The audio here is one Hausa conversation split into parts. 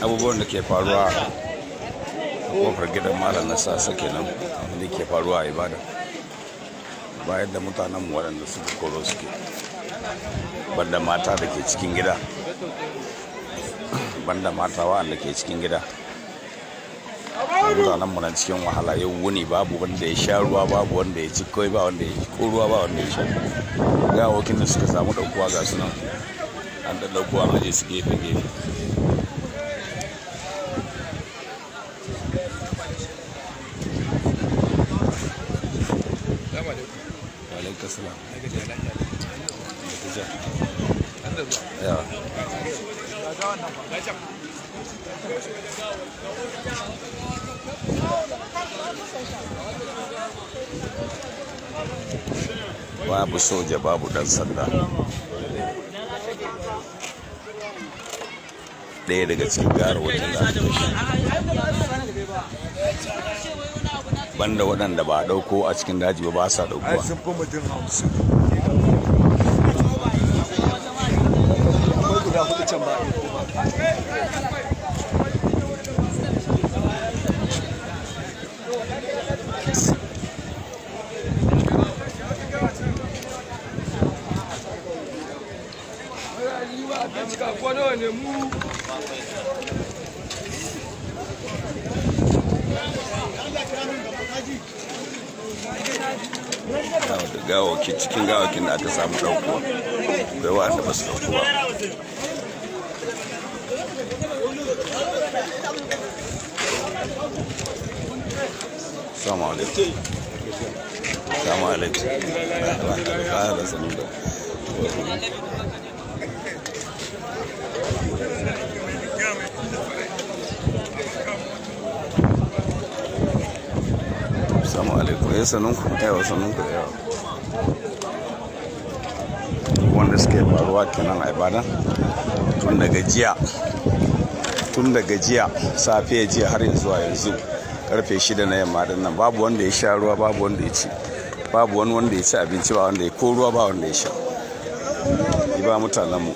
abubuwan da ke faruwa a kofar gidan malam na sasa kenan da ke faruwa a ibada. bayan da mutanen waɗanda suka koro suke banda mata da ke cikin gida banda mata waɗanda ke cikin gida mutanen mu na cikin wahala yau wuni babu wanda ya sha ruwa babu wanda ya ci kai ba wanda ya ci ko ruwa ba wanda ya sha ga wakin da suka samu daukuwa ga su nan an da daukuwa an je su gefe gefe Yeah. babu soja babu dan sanda ɗaya daga cikin gara wajen da aka kashe banda waɗanda ba ɗauko a cikin daji ba ba sa ɗaukowa guda hudu can ba ne mu gawawakin cikin gawawakin da aka samu ɗaukuwa akwai wa'anda ba su ɗaukuwa Assalamu alaikum. Assalamu alaikum. Ba da sanin da. assalamu alaikum ya eh, sanin ku yawa eh, sanin ku yawa eh, wanda suke faruwa kenan a ibadan tun daga jiya tun daga jiya safiya jiya har zuwa yanzu karfe shida na yamma din nan babu wanda ya sha ruwa babu wanda ya ci babu wani wanda ya ci abinci ba wanda ya ko ruwa ba wanda ya sha yi ba mutanen mu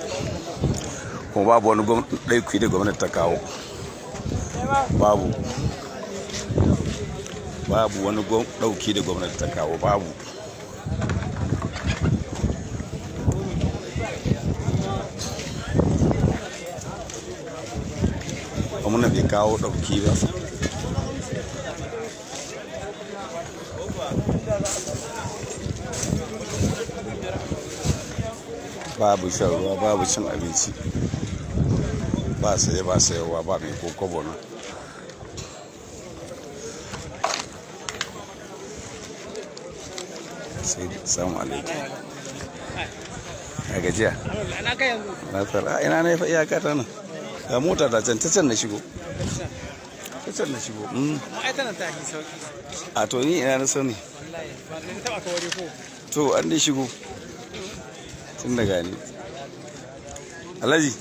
kuma babu wani ɗaiki da gwamnati ta kawo babu babu wani ɗauki da gwamnati ta kawo babu gwamna bai kawo ɗauki ba babu shan ruwa babu cin abinci ba saye ba sayowa ba mai kokobo na sai samu alaiki a gajiya na tsara a ah, ina na yafa iyaka ta nan ga mota ta can ta can na shigo ta na shigo mm. a to ni ina na sani to an dai shigo tun da ni alaji.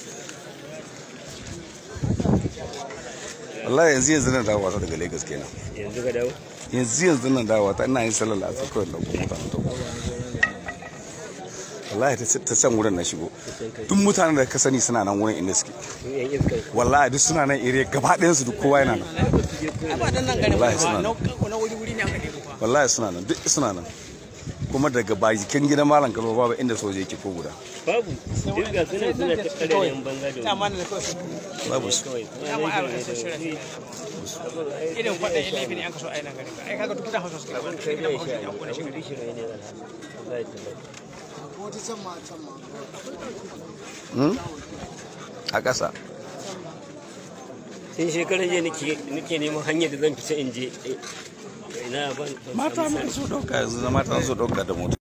wallahi yanzu yanzu nan dawowa ta daga Lagos kenan yanzu ga dawo yanzu yanzu nan dawowa ta ina yin sallar la'asar kawai da kuma mutane ta wallahi ta san wurin na shigo duk mutanen da ka sani suna nan wurin inda suke wallahi duk suna nan ire gaba ɗayan su duk kowa yana nan wallahi suna nan duk suna nan kuma daga bakin gidan malam kalwa babu inda soja yake ko guda babu duk ga suna suna ta da babu su kwada hmm? a ƙasa sai shekarar nake neman hanyar da zan fita in je eh, mata mun su ɗauka yanzu mata su ɗauka da mota